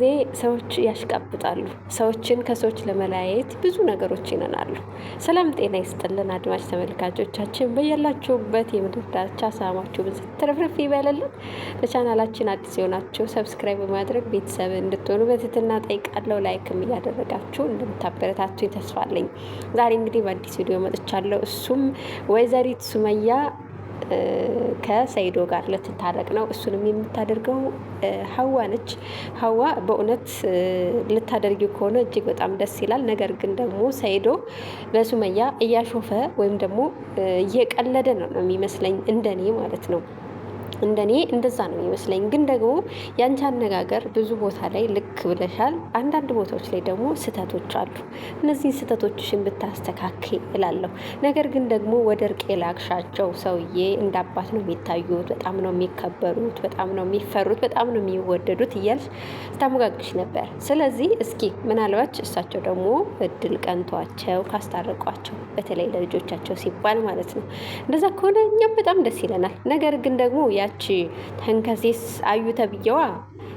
ጊዜ ሰዎች ያሽቃብጣሉ። ሰዎችን ከሰዎች ለመለያየት ብዙ ነገሮች ይነናሉ። ሰላም ጤና ይስጥልን አድማጭ ተመልካቾቻችን በያላችሁበት የምድር ዳርቻ ሰላማችሁ ብዙ ትርፍርፍ ለቻናላችን አዲስ የሆናችሁ ሰብስክራይብ በማድረግ ቤተሰብ እንድትሆኑ በትህትና ጠይቃለሁ። ላይክም እያደረጋችሁ እንደምታበረታቱ ተስፋ ዛሬ እንግዲህ በአዲስ ቪዲዮ መጥቻለሁ። እሱም ወይዘሪት ሱመያ ከሰይዶ ጋር ልትታረቅ ነው። እሱንም የምታደርገው ሀዋ ነች። ሀዋ በእውነት ልታደርጊው ከሆነ እጅግ በጣም ደስ ይላል። ነገር ግን ደግሞ ሰይዶ በሱመያ እያሾፈ ወይም ደግሞ እየቀለደ ነው ነው የሚመስለኝ እንደኔ ማለት ነው። እንደኔ እንደዛ ነው ይመስለኝ። ግን ደግሞ ያንቺ አነጋገር ብዙ ቦታ ላይ ልክ ብለሻል፣ አንዳንድ ቦታዎች ላይ ደግሞ ስህተቶች አሉ። እነዚህ ስህተቶችሽን ብታስተካክ እላለሁ። ነገር ግን ደግሞ ወደ እርቅ የላክሻቸው ሰውዬ እንደ አባት ነው የሚታዩት፣ በጣም ነው የሚከበሩት፣ በጣም ነው የሚፈሩት፣ በጣም ነው የሚወደዱት እያልሽ ስታሞጋግሽ ነበር። ስለዚህ እስኪ ምናልባች እሳቸው ደግሞ እድል ቀንቷቸው ካስታረቋቸው በተለይ ለልጆቻቸው ሲባል ማለት ነው። እንደዛ ከሆነ እኛም በጣም ደስ ይለናል። ነገር ግን ደግሞ ያ ያች ተንከሴስ አዩ ተብዬዋ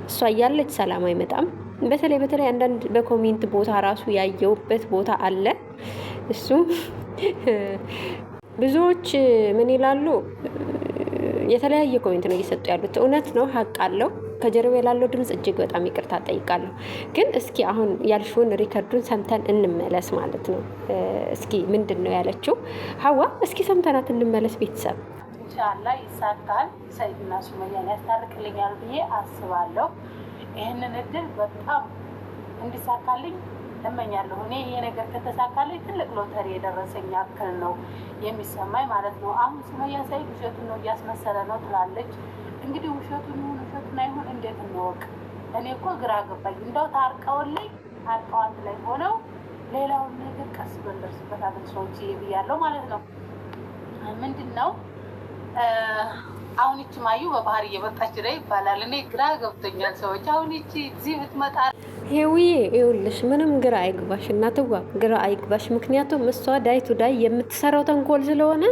እሷ እያለች ሰላም አይመጣም። በተለይ በተለይ አንዳንድ በኮሜንት ቦታ ራሱ ያየውበት ቦታ አለ። እሱ ብዙዎች ምን ይላሉ? የተለያየ ኮሜንት ነው እየሰጡ ያሉት። እውነት ነው፣ ሀቅ አለው። ከጀርባ ላለው ድምፅ እጅግ በጣም ይቅርታ ጠይቃለሁ። ግን እስኪ አሁን ያልሽውን ሪከርዱን ሰምተን እንመለስ ማለት ነው። እስኪ ምንድን ነው ያለችው ሀዋ? እስኪ ሰምተናት እንመለስ ቤተሰብ ኢንሻላህ ይሳካል። ሰይድና ሱመያን ያስታርቅልኛል ብዬ አስባለሁ። ይህንን እድል በጣም እንዲሳካልኝ እመኛለሁ። እኔ ይሄ ነገር ከተሳካልኝ ትልቅ ሎተሪ የደረሰኝ ያክል ነው የሚሰማኝ ማለት ነው። አሁን ሱመያ ሰይድ ውሸቱን ነው እያስመሰለ ነው ትላለች። እንግዲህ ውሸቱን ይሁን ውሸቱን አይሁን እንዴት እንወቅ? እኔ እኮ ግራ ገባኝ። እንደው ታርቀውልኝ ታርቀው አንድ ላይ ሆነው ሌላውን ነገር ቀስ ብለን ደርስበታለን ሰዎች ብያለሁ ማለት ነው። ምንድን ነው አሁን ይቺ ማዩ በባህር እየመጣች ላይ ይባላል። እኔ ግራ ገብቶኛል። ሰዎች አሁን ይቺ እዚህ ብትመጣ ሄውዬ ይኸውልሽ፣ ምንም ግራ አይግባሽ እናትዋ፣ ግራ አይግባሽ። ምክንያቱም እሷ ዳይ ቱ ዳይ የምትሰራው ተንኮል ስለሆነ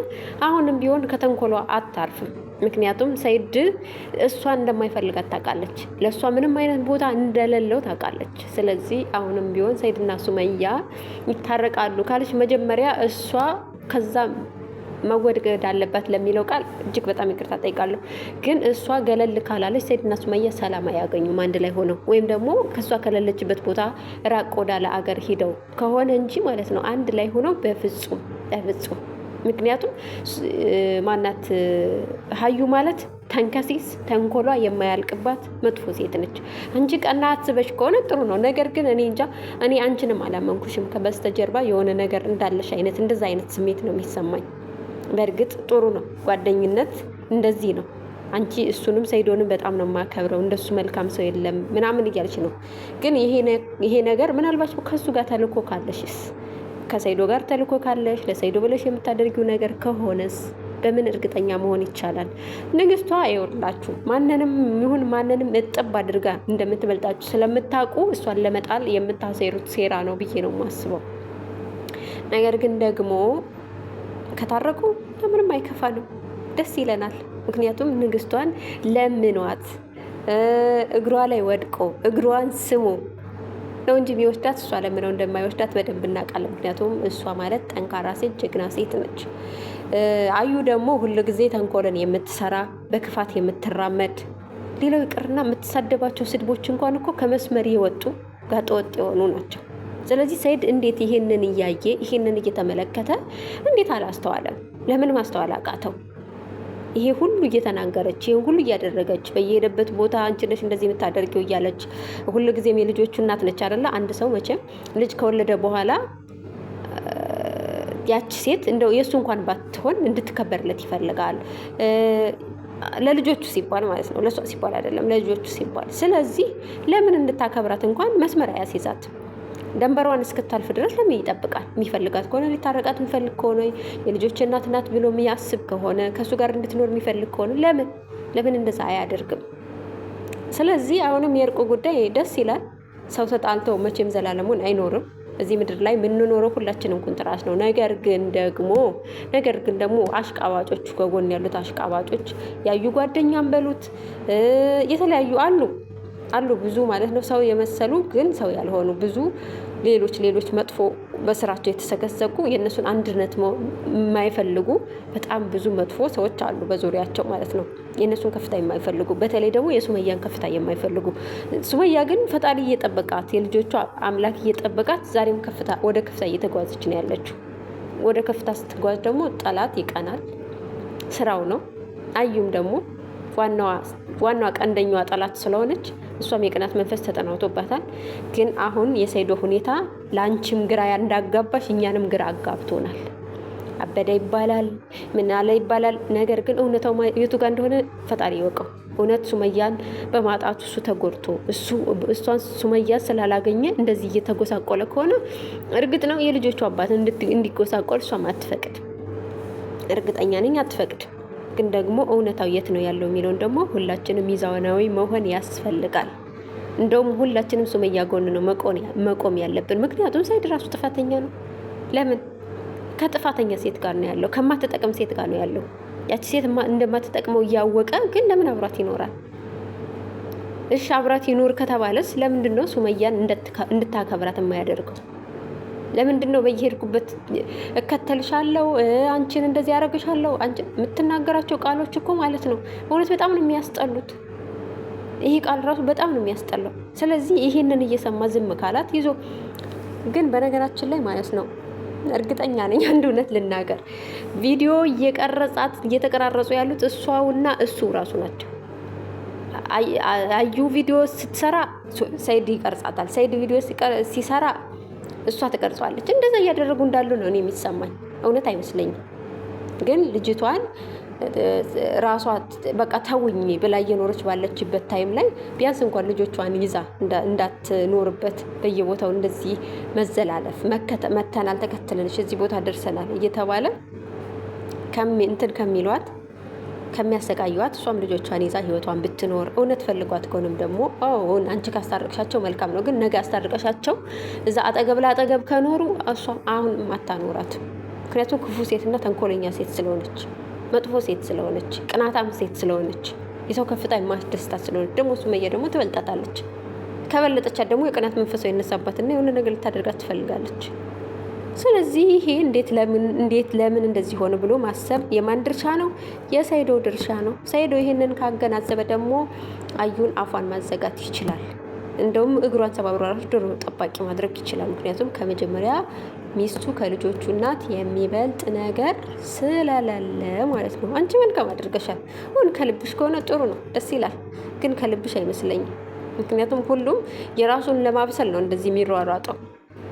አሁንም ቢሆን ከተንኮሏ አታርፍም። ምክንያቱም ሰይድ እሷ እንደማይፈልጋት ታውቃለች። ለእሷ ምንም አይነት ቦታ እንደሌለው ታውቃለች። ስለዚህ አሁንም ቢሆን ሰይድና ሱመያ ይታረቃሉ ካለች መጀመሪያ እሷ ከዛ መወገድ አለባት ለሚለው ቃል እጅግ በጣም ይቅርታ ጠይቃለሁ። ግን እሷ ገለል ካላለች ሰይድና ሱመያ ሰላም አያገኙም አንድ ላይ ሆነው ወይም ደግሞ ከእሷ ከሌለችበት ቦታ ራቅ ወዳለ አገር ሂደው ከሆነ እንጂ ማለት ነው አንድ ላይ ሆነው በፍጹም በፍጹም ምክንያቱም ማናት ሀዩ ማለት ተንከሲስ ተንኮሏ የማያልቅባት መጥፎ ሴት ነች። አንቺ ቀና አስበሽ ከሆነ ጥሩ ነው። ነገር ግን እኔ እንጃ እኔ አንቺንም አላመንኩሽም። ከበስተጀርባ የሆነ ነገር እንዳለሽ አይነት እንደዛ አይነት ስሜት ነው የሚሰማኝ። በእርግጥ ጥሩ ነው ጓደኝነት እንደዚህ ነው። አንቺ እሱንም ሰይዶንም በጣም ነው የማከብረው፣ እንደሱ መልካም ሰው የለም ምናምን እያልች ነው። ግን ይሄ ነገር ምናልባት ከሱ ጋር ተልኮ ካለሽስ ከሰይዶ ጋር ተልኮ ካለሽ ለሰይዶ ብለሽ የምታደርጊው ነገር ከሆነስ በምን እርግጠኛ መሆን ይቻላል? ንግስቷ አይወላችሁ ማንንም ይሁን ማንንም እጥብ አድርጋ እንደምትበልጣችሁ ስለምታውቁ እሷን ለመጣል የምታሴሩት ሴራ ነው ብዬ ነው የማስበው። ነገር ግን ደግሞ ከታረቁ ለምንም አይከፋንም፣ ደስ ይለናል። ምክንያቱም ንግስቷን ለምኗት እግሯ ላይ ወድቆ እግሯን ስሞ ነው እንጂ የሚወስዳት እሷ ለምነው እንደማይወስዳት በደንብ እናውቃለን። ምክንያቱም እሷ ማለት ጠንካራ ሴት፣ ጀግና ሴት ነች። አዩ ደግሞ ሁሉ ጊዜ ተንኮልን የምትሰራ በክፋት የምትራመድ ሌላው ይቅርና የምትሳደባቸው ስድቦች እንኳን እኮ ከመስመር የወጡ ጋጠወጥ የሆኑ ናቸው። ስለዚህ ሰይድ እንዴት ይህንን እያየ ይህንን እየተመለከተ እንዴት አላስተዋለም? ለምን ማስተዋል አቃተው? ይሄ ሁሉ እየተናገረች ይሄ ሁሉ እያደረገች በየሄደበት ቦታ አንቺ ነሽ እንደዚህ የምታደርጊው እያለች ጊዜም የልጆቹ እናት ነች አይደለ? አንድ ሰው መቼም ልጅ ከወለደ በኋላ ያች ሴት እንደው የእሱ እንኳን ባትሆን እንድትከበርለት ይፈልጋል። ለልጆቹ ሲባል ማለት ነው። ለእሷ ሲባል አይደለም፣ ለልጆቹ ሲባል። ስለዚህ ለምን እንድታከብራት እንኳን መስመር አያስይዛትም። ደንበሯን እስክታልፍ ድረስ ለምን ይጠብቃል? የሚፈልጋት ከሆነ ሊታረቃት የሚፈልግ ከሆነ የልጆች እናት ናት ብሎ የሚያስብ ከሆነ ከእሱ ጋር እንድትኖር የሚፈልግ ከሆነ ለምን ለምን እንደዛ አያደርግም? ስለዚህ አሁንም የእርቁ ጉዳይ ደስ ይላል። ሰው ተጣልተው መቼም ዘላለሙን አይኖርም። እዚህ ምድር ላይ የምንኖረው ሁላችንም ኩንትራት ነው። ነገር ግን ደግሞ ነገር ግን ደግሞ አሽቃባጮቹ ከጎን ያሉት አሽቃባጮች ያዩ ጓደኛም በሉት የተለያዩ አሉ። አሉ ብዙ ማለት ነው። ሰው የመሰሉ ግን ሰው ያልሆኑ ብዙ ሌሎች ሌሎች መጥፎ በስራቸው የተሰከሰቁ የእነሱን አንድነት የማይፈልጉ በጣም ብዙ መጥፎ ሰዎች አሉ በዙሪያቸው ማለት ነው። የእነሱን ከፍታ የማይፈልጉ በተለይ ደግሞ የሱመያን ከፍታ የማይፈልጉ ሱመያ ግን ፈጣሪ እየጠበቃት የልጆቹ አምላክ እየጠበቃት ዛሬም ከፍታ ወደ ከፍታ እየተጓዘች ነው ያለችው። ወደ ከፍታ ስትጓዝ ደግሞ ጠላት ይቀናል። ስራው ነው። አዩም ደግሞ ዋናዋ ቀንደኛዋ ጠላት ስለሆነች እሷም የቅናት መንፈስ ተጠናውቶባታል። ግን አሁን የሰይዶ ሁኔታ ለአንቺም ግራ እንዳጋባሽ እኛንም ግራ አጋብቶናል። አበደ ይባላል አለ ይባላል። ነገር ግን እውነታው የቱ ጋር እንደሆነ ፈጣሪ ይወቀው። እውነት ሱመያን በማጣቱ እሱ ተጎድቶ እሷን ሱመያ ስላላገኘ እንደዚህ እየተጎሳቆለ ከሆነ እርግጥ ነው የልጆቹ አባት እንዲጎሳቆል እሷም አትፈቅድ፣ እርግጠኛ ነኝ አትፈቅድ። ግን ደግሞ እውነታው የት ነው ያለው የሚለውን ደግሞ ሁላችንም ሚዛናዊ መሆን ያስፈልጋል። እንደውም ሁላችንም ሱመያ ጎን ነው መቆም ያለብን። ምክንያቱም ሳይድ ራሱ ጥፋተኛ ነው። ለምን ከጥፋተኛ ሴት ጋር ነው ያለው? ከማትጠቅም ሴት ጋር ነው ያለው። ያቺ ሴት እንደማትጠቅመው እያወቀ ግን ለምን አብራት ይኖራል? እሺ አብራት ይኖር ከተባለስ ለምንድን ነው ሱመያን እንድታከብራት የማያደርገው? ለምንድን ነው በየሄድኩበት እከተልሻለሁ፣ አንቺን እንደዚህ ያደረግሻለሁ? የምትናገራቸው ቃሎች እኮ ማለት ነው በእውነት በጣም ነው የሚያስጠሉት። ይሄ ቃል ራሱ በጣም ነው የሚያስጠላው። ስለዚህ ይሄንን እየሰማ ዝም ካላት ይዞ ግን በነገራችን ላይ ማለት ነው እርግጠኛ ነኝ አንድ እውነት ልናገር፣ ቪዲዮ እየቀረጻት እየተቀራረጹ ያሉት እሷውና እሱ ራሱ ናቸው። አዩ ቪዲዮ ስትሰራ ሰይድ ይቀርጻታል፣ ሰይድ ቪዲዮ ሲሰራ እሷ ትቀርጸዋለች። እንደዛ እያደረጉ እንዳሉ ነው እኔ የሚሰማኝ። እውነት አይመስለኝም። ግን ልጅቷን ራሷ በቃ ተውኝ ብላ እየኖረች ባለችበት ታይም ላይ ቢያንስ እንኳን ልጆቿን ይዛ እንዳትኖርበት በየቦታው እንደዚህ መዘላለፍ መተናል፣ ተከትለንች እዚህ ቦታ ደርሰናል እየተባለ እንትን ከሚሏት ከሚያሰቃዩዋት እሷም ልጆቿን ይዛ ህይወቷን ብትኖር እውነት ፈልጓት ከሆንም ደግሞ ውን አንቺ ካስታርቅሻቸው መልካም ነው። ግን ነገ አስታርቀሻቸው እዛ አጠገብ ለአጠገብ ከኖሩ እሷም አሁን አታኖራት ምክንያቱም ክፉ ሴትና ተንኮለኛ ሴት ስለሆነች፣ መጥፎ ሴት ስለሆነች፣ ቅናታም ሴት ስለሆነች፣ የሰው ከፍታ የማስደስታት ስለሆነች ደግሞ ሱመያ ደግሞ ትበልጣታለች። ከበለጠቻት ደግሞ የቅናት መንፈሳዊ ይነሳባትና የሆነ ነገር ልታደርጋት ትፈልጋለች። ስለዚህ ይሄ እንዴት ለምን እንዴት ለምን እንደዚህ ሆነ ብሎ ማሰብ የማን ድርሻ ነው? የሰይዶ ድርሻ ነው። ሰይዶ ይሄንን ካገናዘበ ደግሞ አዩን አፏን ማዘጋት ይችላል። እንደውም እግሯን ሰባብሮ ዶሮ ጠባቂ ማድረግ ይችላል። ምክንያቱም ከመጀመሪያ ሚስቱ ከልጆቹ እናት የሚበልጥ ነገር ስለሌለ ማለት ነው። አንቺ መልካም አድርገሻል። አሁን ከልብሽ ከሆነ ጥሩ ነው፣ ደስ ይላል። ግን ከልብሽ አይመስለኝም። ምክንያቱም ሁሉም የራሱን ለማብሰል ነው እንደዚህ የሚሯሯጠው።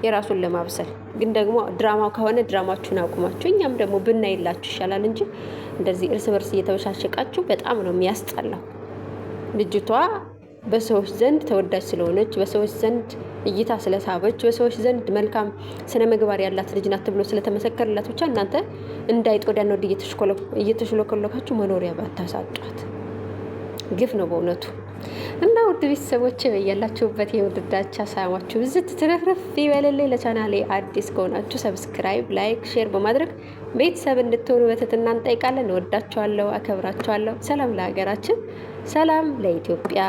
የራሱን ለማብሰል ግን ደግሞ ድራማው ከሆነ ድራማችሁን አቁማችሁ እኛም ደግሞ ብናይላችሁ ይሻላል እንጂ እንደዚህ እርስ በርስ እየተበሻሸቃችሁ በጣም ነው የሚያስጠላው። ልጅቷ በሰዎች ዘንድ ተወዳጅ ስለሆነች፣ በሰዎች ዘንድ እይታ ስለሳበች፣ በሰዎች ዘንድ መልካም ስነ ምግባር ያላት ልጅ ናት ተብሎ ስለተመሰከረላት ብቻ እናንተ እንዳይጥ ወዲያና ወዲህ እየተሽሎከሎካችሁ መኖሪያ ባታሳጧት ግፍ ነው በእውነቱ። ውድ ቤተሰቦች በያላችሁበት የውድዳች ሀሳባችሁ ብዝት ትረፍረፍ ይበልልኝ። ለቻናሌ አዲስ ከሆናችሁ ሰብስክራይብ፣ ላይክ፣ ሼር በማድረግ ቤተሰብ እንድትሆኑ በትህትና እንጠይቃለን። እወዳችኋለሁ፣ አከብራችኋለሁ። ሰላም ለሀገራችን፣ ሰላም ለኢትዮጵያ።